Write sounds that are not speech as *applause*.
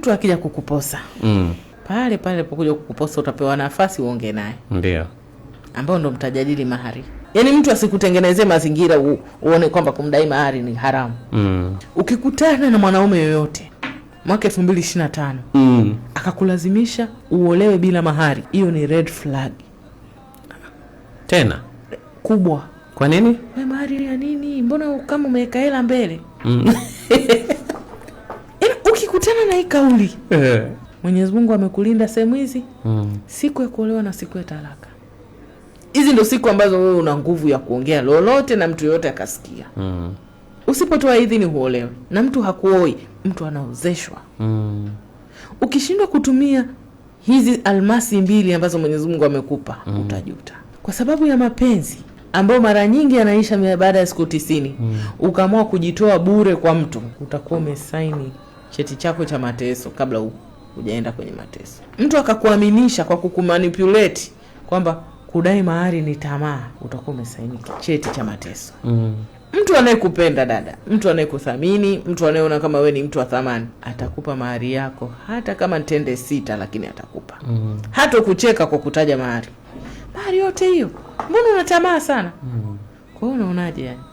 mtu akija kukuposa mm. pale pale pokuja kukuposa utapewa nafasi uongee naye, ndio ambao ndo mtajadili mahari. Yaani mtu asikutengenezee mazingira uone kwamba kumdai mahari ni haramu mm. Ukikutana na mwanaume yoyote mwaka elfu mbili ishiri na tano mm. akakulazimisha uolewe bila mahari, hiyo ni red flag tena kubwa. Kwa nini mahari ya nini? Mbona kama umeweka hela mbele mm. *laughs* kukutana na hii kauli eh. Mwenyezi Mungu amekulinda sehemu hizi mm. Siku ya kuolewa na siku ya talaka, hizi ndo siku ambazo wewe una nguvu ya kuongea lolote na mtu yoyote akasikia mm. Usipotoa idhini huolewe, na mtu hakuoi, mtu anaozeshwa mm. Ukishindwa kutumia hizi almasi mbili ambazo Mwenyezi Mungu amekupa mm. Utajuta kwa sababu ya mapenzi ambayo mara nyingi yanaisha baada ya siku tisini mm. Ukaamua kujitoa bure kwa mtu, utakuwa umesaini cheti chako cha mateso kabla hujaenda kwenye mateso. Mtu akakuaminisha kwa kukumanipulate kwamba kudai mahari ni tamaa, utakuwa umesaini cheti cha mateso mm. Mtu anayekupenda dada, mtu anayekuthamini, mtu anayeona kama we ni mtu wa thamani atakupa mahari yako, hata kama tende sita, lakini atakupa mm. hata kucheka kwa kutaja mahari. Mahari yote hiyo, mbona una tamaa sana? mm. kwa hiyo unaonaje yani?